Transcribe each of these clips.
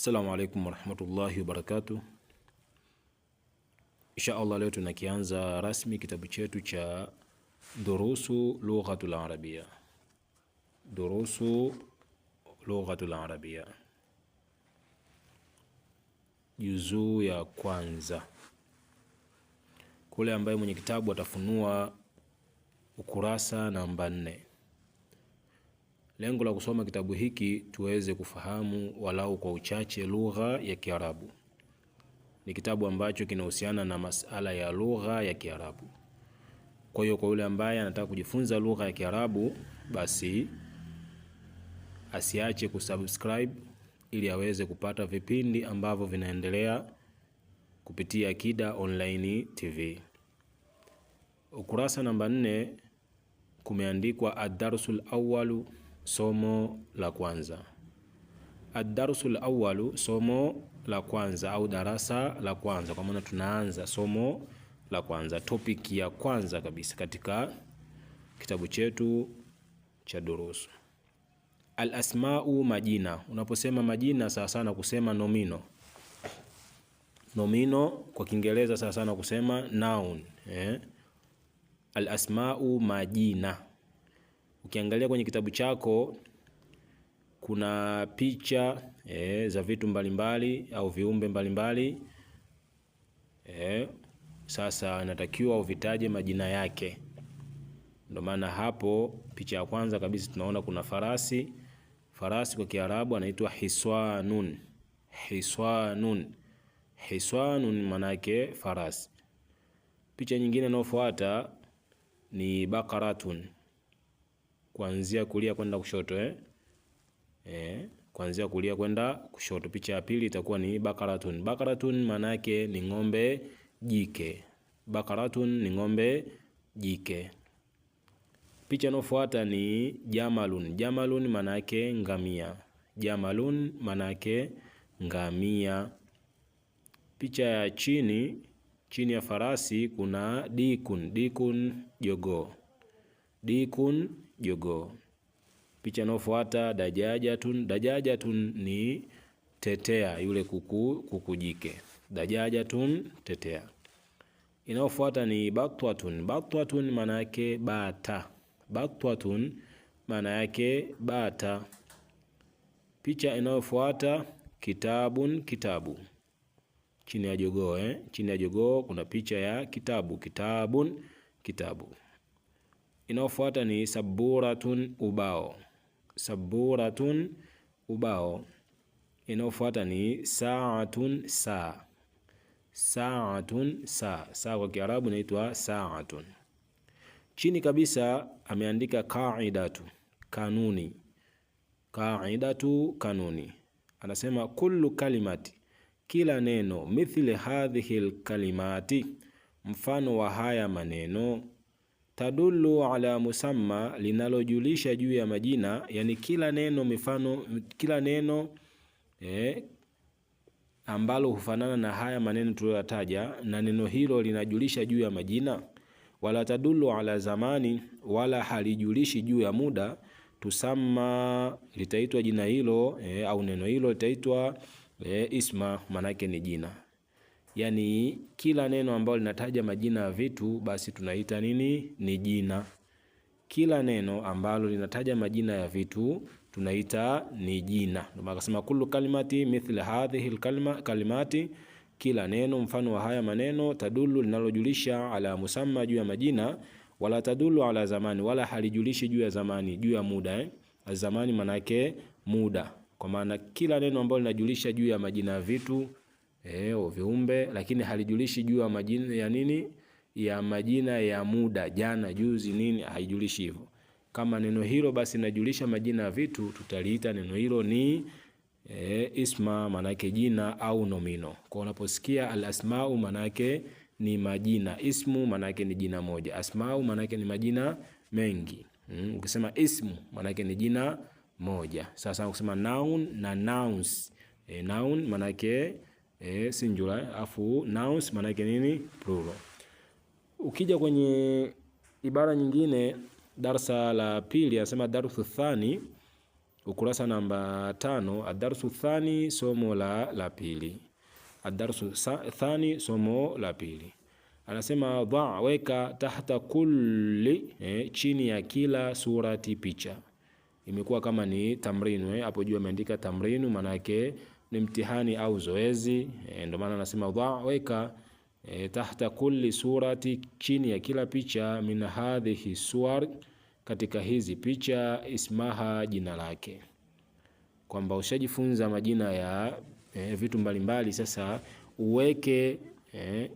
Assalamu alaikum warahmatullahi wabarakatuh. Insha Allah leo tunakianza rasmi kitabu chetu cha durusu lughatul arabia, durusu lughatul arabia, juzuu ya kwanza. Kule ambaye mwenye kitabu atafunua ukurasa namba nne. Lengo la kusoma kitabu hiki tuweze kufahamu walau kwa uchache lugha ya Kiarabu. Ni kitabu ambacho kinahusiana na masala ya lugha ya Kiarabu. Kwa hiyo kwa yule ambaye anataka kujifunza lugha ya Kiarabu, basi asiache kusubscribe ili aweze kupata vipindi ambavyo vinaendelea kupitia Kida Online TV. Ukurasa namba nne kumeandikwa adarsul awalu Somo la kwanza. Ad-darsu al somo la kwanza au darasa la kwanza, kwa maana tunaanza somo la kwanza, topic ya kwanza kabisa katika kitabu chetu cha durusu. Al-asma'u, majina. Unaposema majina, sawa sana kusema nomino. Nomino kwa Kiingereza sawa sana kusema noun, eh? Al-asma'u, majina Ukiangalia kwenye kitabu chako kuna picha e, za vitu mbalimbali mbali, au viumbe mbalimbali mbali. Eh, e, sasa natakiwa uvitaje majina yake. Ndio maana hapo picha ya kwanza kabisa tunaona kuna farasi. Farasi kwa Kiarabu anaitwa hiswanun. Hiswanun, hiswanun manake farasi. Picha nyingine inayofuata ni bakaratun kuanzia kulia kwenda kushoto eh? Eh, kuanzia kulia kwenda kushoto. Picha ya pili itakuwa ni bakaratun. Bakaratun maana yake ni ng'ombe jike. Bakaratun ni ng'ombe jike. Picha inayofuata ni jamalun. Jamalun maana yake ngamia. Jamalun maana yake ngamia. Picha ya chini, chini ya farasi kuna dikun. Dikun jogoo. Dikun jogoo. Picha inayofuata dajajatun. Dajajatun ni tetea, yule kuku, kukujike. jike. Dajajatun, tetea. Inayofuata ni batwatun. Batwatun maana yake bata. Batwatun maana yake bata. Picha inayofuata kitabun, kitabu chini ya jogoo eh? Chini ya jogoo kuna picha ya kitabu. Kitabun, kitabu. Inayofuata ni saburatun, ubao. Saburatun, ubao. Inayofuata ni saatun, saa. Saatun, saa. Saa kwa Kiarabu inaitwa saatun. Chini kabisa ameandika kaidatu, kanuni. Kaidatu, kanuni. Anasema kullu kalimati, kila neno. Mithli hadhihi lkalimati, mfano wa haya maneno tadullu ala musamma, linalojulisha juu ya majina, yani kila neno mifano, kila neno eh, ambalo hufanana na haya maneno tuliyoyataja, na neno hilo linajulisha juu ya majina. Wala tadullu ala zamani, wala halijulishi juu ya muda. Tusamma, litaitwa jina hilo eh, au neno hilo litaitwa eh, isma, maanake ni jina yani kila neno ambalo linataja majina ya vitu basi tunaita nini? Ni jina. Kila neno ambalo linataja majina ya vitu tunaita ni jina. Ndio maana akasema kullu kalimati mithla hadhihi alkalima kalimati kila neno mfano wa haya maneno, tadulu linalojulisha, ala musamma juu ya majina, wala tadulu ala zamani, wala halijulishi juu ya zamani, juu ya muda eh? Zamani manake muda, kwa maana kila neno ambalo linajulisha juu ya majina ya vitu eh, viumbe, lakini halijulishi juu ya majina ya nini, ya majina ya muda, jana, juzi, nini, haijulishi hivyo. Kama neno hilo basi najulisha majina ya vitu, tutaliita neno hilo ni e, isma, manake jina au nomino. Kwa unaposikia al asmau, manake ni majina, ismu manake ni jina moja, asmau manake ni majina mengi. Mm, ukisema ismu manake ni jina moja. Sasa ukisema noun na nouns, e, noun manake eh, singular afu nouns maana yake nini? Plural. Ukija kwenye ibara nyingine, darsa la pili anasema darsu thani, ukurasa namba tano. Adarsu thani, somo la la pili. Adarsu thani, somo la pili. Anasema dha, weka tahta kulli eh, chini ya kila surati picha. Imekuwa kama ni tamrinu e, hapo eh, juu ameandika tamrinu maana yake ni mtihani au zoezi e, ndio maana anasema dha, weka e, tahta kulli surati, chini ya kila picha, min hadhihi suwar, katika hizi picha, ismaha, jina lake, kwamba ushajifunza majina ya e, vitu mbalimbali. Sasa uweke e,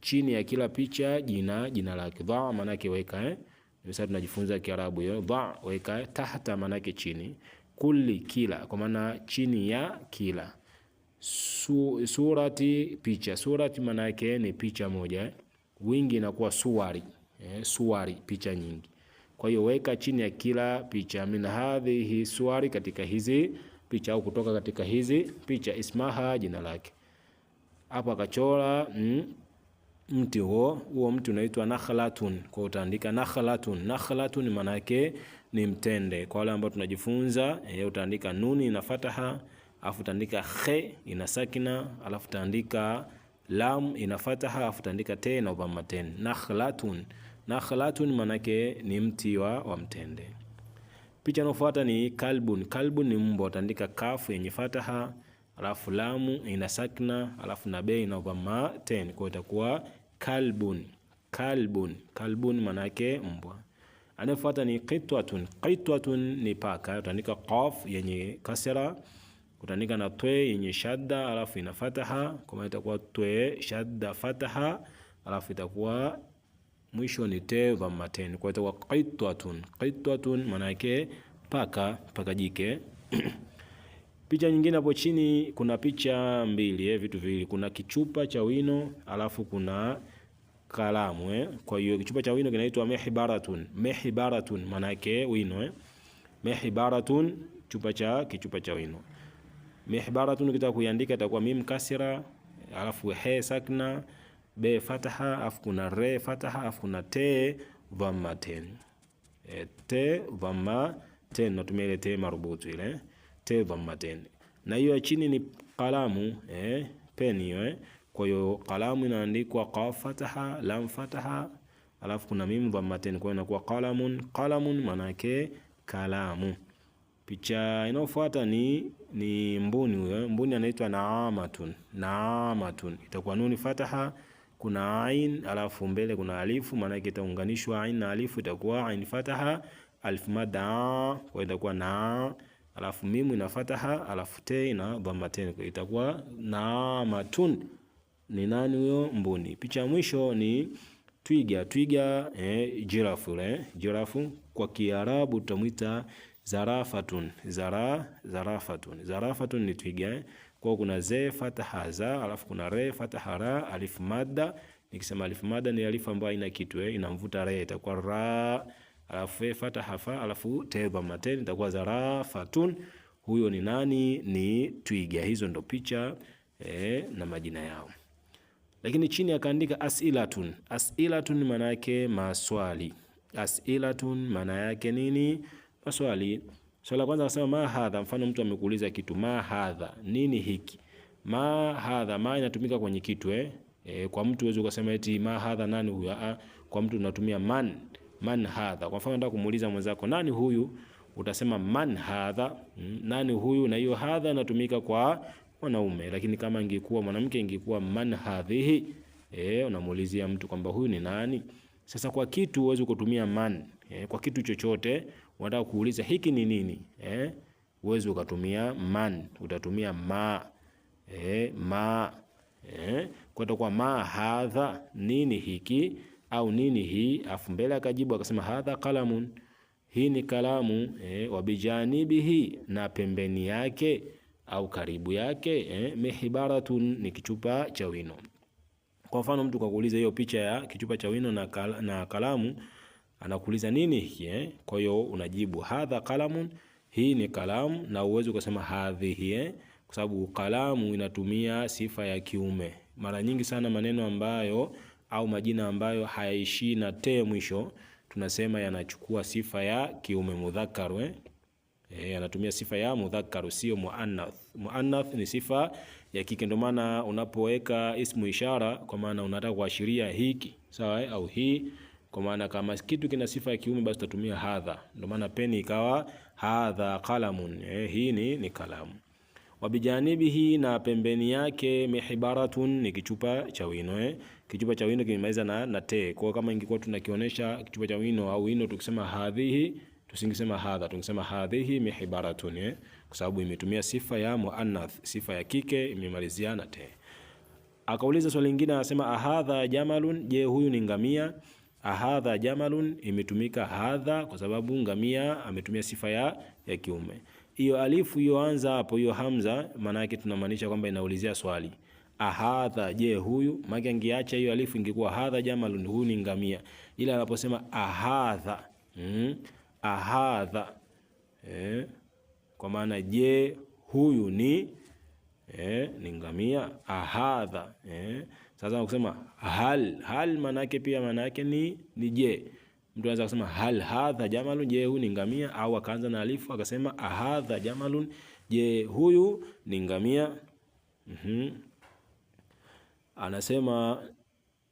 chini ya kila picha jina jina lake. Dha maanake weka eh? Sasa tunajifunza Kiarabu hiyo. Dha weka, tahta maanake chini kulli kila, kwa maana chini ya kila. Su, surati picha. Surati maana yake ni picha moja eh? Wingi inakuwa suwari eh? Suwari picha nyingi. Kwa hiyo weka chini ya kila picha, min hadhihi suwari, katika hizi picha au kutoka katika hizi picha, ismaha, jina lake. Hapo akachora mm, mti huo huo mti unaitwa nakhlatun, kwa utaandika nakhlatun. Nakhlatun maana yake ni mtende. Kwa wale ambao tunajifunza e, utaandika nuni ina fataha, alafu utaandika he ina sakina, alafu utaandika lam ina fataha, alafu utaandika te na ubamma ten. Nakhlatun, nakhlatun manake ni mti wa, wa mtende. Picha inayofuata ni kalbun. Kalbun ni mbwa, utaandika kafu yenye fataha, alafu lamu ina sakina, alafu na be ina ubamma ten. Kwa itakuwa kalbun, kalbun, kalbun manake mbwa. Anayefuata ni qitwatun. Qitwatun ni paka, utaandika qaf yenye kasra, utaandika na twe yenye shadda, alafu ina fataha, kwa maana itakuwa twe shadda fataha, alafu itakuwa mwisho ni te dhamma ten, kwa itakuwa qitwatun. Qitwatun maana yake paka, paka jike Picha nyingine hapo chini kuna picha mbili eh, vitu viwili. Kuna kichupa cha wino alafu kuna kalamu eh. Kwa hiyo kichupa cha wino kinaitwa mihbaratun. Mihbaratun maana yake wino eh. Mihbaratun chupa cha kichupa cha wino. Mihbaratun kitaka kuiandika itakuwa mim kasira, alafu he sakna, be fataha, alafu kuna re fataha, alafu kuna te dhamma ten. E, te dhamma ten na tumia ile te marubutu ile. Eh? Te dhamma ten. Na hiyo ya chini ni kalamu eh, peni hiyo eh. Kwa hiyo kalamu inaandikwa qaf fataha, lam fataha, alafu kuna mim dhammatin, kwa hiyo inakuwa qalamun. Qalamun maana yake kalamu. Picha inayofuata ni ni mbuni. Huyo mbuni anaitwa naamatun. Naamatun itakuwa nuni fataha, kuna ain, alafu mbele kuna alifu, maana yake itaunganishwa ain na alifu, itakuwa ain fataha, alif mada, kwa itakuwa na alafu mimu ina fataha, alafu te dhamma tena, itakuwa naamatun ni nani huyo? Mbuni. Picha ya mwisho ni twiga. Twiga eh, jirafu eh, jirafu kwa Kiarabu tutamwita zarafatun. Zara, zarafatun. Zarafatun ni twiga eh. Kwa kuna ze fataha za, alafu kuna re fataha ra, alif madda. Nikisema alif madda ni alif ambayo ina kitu eh, inamvuta re itakuwa ra, alafu e fataha fa, alafu teba maten itakuwa zarafatun. Huyo ni nani? Ni twiga. Hizo ndo picha eh, na majina yao. Lakini chini akaandika as'ilatun. As'ilatun maana yake maswali. As'ilatun maana yake nini? Maswali. Swali la kwanza akasema ma hadha, mfano mtu amekuuliza kitu ma hadha, nini hiki? Ma hadha, ma inatumika kwenye kitu eh? E, kwa mtu uweze ukasema eti ma hadha nani huyu? A, ah, kwa mtu unatumia man. Man hadha. Kwa mfano nataka kumuuliza mwenzako nani huyu, utasema man hadha, hmm, nani huyu, na hiyo hadha inatumika kwa wanaume, lakini kama ingekuwa mwanamke ingekuwa man hadhihi, eh, unamuulizia mtu kwamba huyu ni nani. Sasa kwa kitu uweze kutumia man e, kwa kitu chochote unataka kuuliza hiki ni nini eh, uweze ukatumia man, utatumia ma e, ma eh, kwa kwa ma hadha, nini hiki au nini hii, afu mbele akajibu akasema hadha kalamun, hii ni kalamu eh, wabijanibihi, na pembeni yake au karibu yake eh, mihibaratun ni kichupa cha wino. Kwa mfano mtu kakuuliza hiyo picha ya kichupa cha wino na, kal na kalamu anakuuliza nini hii eh? Kwa hiyo unajibu hadha kalamun, hii ni kalamu, na uwezo ukasema hadhihi eh? Kwa sababu kalamu inatumia sifa ya kiume mara nyingi sana. Maneno ambayo au majina ambayo hayaishii na te mwisho tunasema yanachukua sifa ya kiume mudhakkar eh? E, anatumia sifa ya mudhakkaru sio muannath. Muannath ni sifa ya kike, ndio maana unapoweka ismu ishara kwa maana unataka kuashiria hiki sawa, eh, au hii kwa maana kama kitu kina sifa ya kiume basi utatumia hadha. Ndio maana peni ikawa hadha qalamun, e, hii ni, ni kalamu. Wabijanibihi, na pembeni yake, mihbaratun ni kichupa cha wino eh. Kichupa cha wino kimemaliza na, na te. Kwa kama ingekuwa tunakionyesha kichupa cha wino au wino tukisema hadhihi tusingesema hadha, tungesema hadhihi mihibaratun, eh? kwa sababu imetumia sifa ya muannath, sifa ya kike imemaliziana te. Akauliza swali lingine, anasema ahadha jamalun, je, huyu ni ngamia? Ahadha jamalun imetumika hadha kwa sababu ngamia ametumia sifa ya, ya kiume. Hiyo alifu hiyo anza hapo, hiyo hamza, maana yake tunamaanisha kwamba inaulizia swali ahadha, je huyu. maki. angeacha hiyo alifu ingekuwa hadha jamalun, huyu ni ngamia, ila anaposema ahadha mm, ahadha eh, kwa maana je, huyu ni eh, ni ngamia ahadha eh. Sasa kusema hal hal, maana yake pia maana yake ni ni je. Mtu anaweza kusema hal hadha jamalun, je huyu ni ngamia, au akaanza na alifu akasema ahadha jamalun, je huyu ni ngamia. mm -hmm. Anasema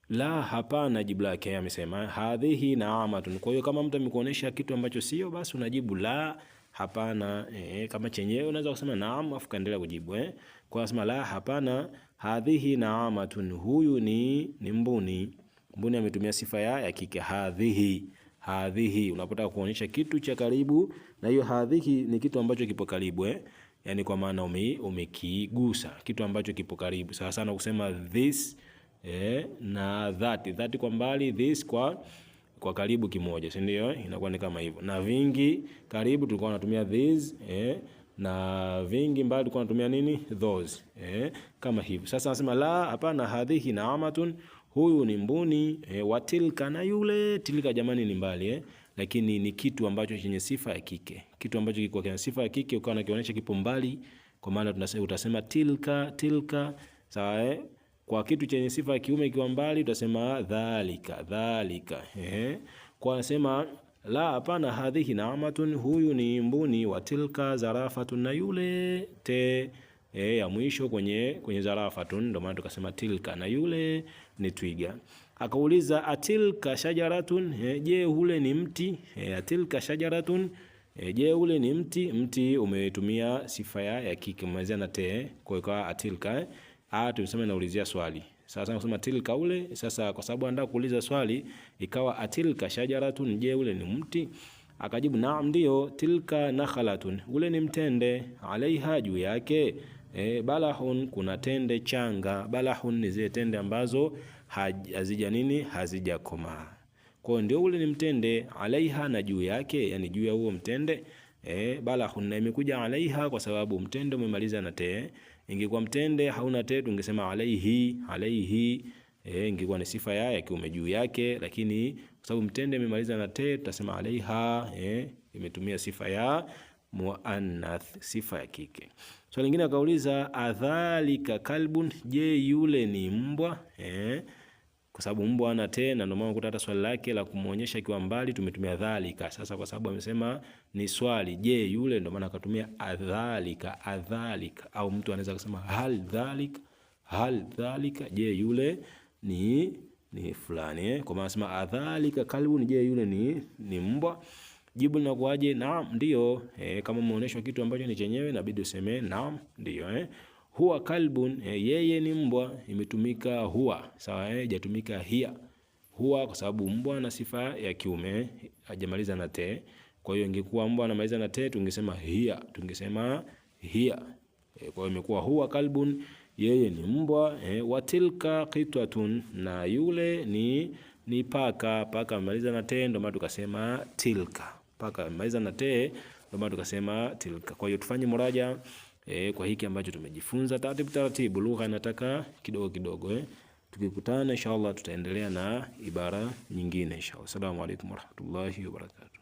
la, hapana, jibu lake amesema hadhihi naamatun. Kwa hiyo kama mtu amekuonesha kitu ambacho sio, basi unajibu la, hapana. E, kama chenyewe unaweza kusema naam, afu kaendelea kujibu eh. Kwa nasema la, hapana, hadhihi naamatun, huyu ni ni mbuni. Mbuni ametumia sifa ya ya kike hadhihi hadhihi unapotaka kuonyesha kitu cha karibu, na hiyo hadhihi ni kitu ambacho kipo karibu eh? Yani kwa maana umekigusa ume kitu ambacho kipo karibu, sawa sana kusema this eh, na dhati dhati kwa mbali, this kwa kwa karibu kimoja, si ndio? Inakuwa ni kama hivyo. Na vingi karibu tulikuwa tunatumia these eh, na vingi mbali tulikuwa tunatumia nini? Those eh, kama hivyo. Sasa nasema la, hapana, hadhihi naamatun, huyu ni mbuni eh, watilka na yule tilka, jamani ni mbali eh, lakini ni kitu ambacho chenye sifa ya kike, kitu ambacho kiko kina sifa ya kike, ukawa nakionyesha kipo mbali, kwa maana tunasema utasema tilka tilka, sawa eh kwa kitu chenye sifa ya kiume kiwa mbali utasema dhalika, dhalika. Ehe. Kwa sema la, hapana, hadhihi naamatun, huyu ni mbuni, wa tilka zarafatun, na yule te E, ya mwisho kwenye, kwenye zarafatun, ndio maana tukasema tilka, na yule ni twiga. Akauliza atilka shajaratun, e, je, ule ni mti? E, atilka shajaratun, e, je, ule ni mti? Mti umetumia sifa ya kike, umemalizia na te, kwa hiyo atilka. eh a ah, tulisema naulizia swali sasa nasema tilka ule. Sasa kwa sababu anataka kuuliza swali, ikawa atilka shajaratun, je ule ni mti? Akajibu naam, ndio. Tilka nakhalatun, ule ni mtende. Alaiha, juu yake e, balahun, kuna tende changa. Balahun ni zile tende ambazo hazija nini, hazijakomaa. Kwa ndio ule ni mtende. Alaiha, na juu yake, yani juu ya huo mtende e, balahun, na imekuja alaiha kwa sababu mtende umemaliza na tee Ingekuwa mtende hauna te, tungesema alaihi alaihi. E, ingekuwa ni sifa ya ya kiume juu yake, lakini kwa sababu mtende imemaliza na te, tutasema alaiha. E, imetumia sifa ya muannath, sifa ya kike. Swali so, lingine akauliza adhalika kalbun, je yule ni mbwa? E, kwa sababu mbwa ana tena, ndio maana ukuta hata swali lake la kumuonyesha akiwa mbali tumetumia dhalika. Sasa kwa sababu amesema ni swali, je, yule, ndio maana akatumia adhalika, adhalika. Au mtu anaweza kusema hal dhalika, hal dhalika, je, yule ni ni fulani eh, kwa maana sema adhalika kalbu, ni je, yule ni ni mbwa? Jibu linakuwaje? Naam, ndio. Eh, kama umeonyeshwa kitu ambacho ni chenyewe inabidi useme naam, ndio eh. Huwa kalbun, e, yeye ni mbwa, imetumika huwa sawa, e, jatumika hia Huwa kwa sababu mbwa na sifa ya kiume hajamaliza na te. Kwa hiyo ingekuwa mbwa anamaliza na te, tungesema hia, tungesema hia hiya. E, kwa hiyo imekuwa huwa kalbun, yeye ni mbwa. Watilka qitwatun, na yule ni ni paka. Paka amaliza na te, ndio maana tukasema tilka. Paka amaliza na te, ndio maana tukasema tilka. Kwa hiyo tufanye muraja eh, kwa hiki ambacho tumejifunza taratibu taratibu. Lugha inataka kidogo kidogo eh. Tukikutana inshallah tutaendelea na ibara nyingine inshallah. Assalamu alaykum warahmatullahi wabarakatuh.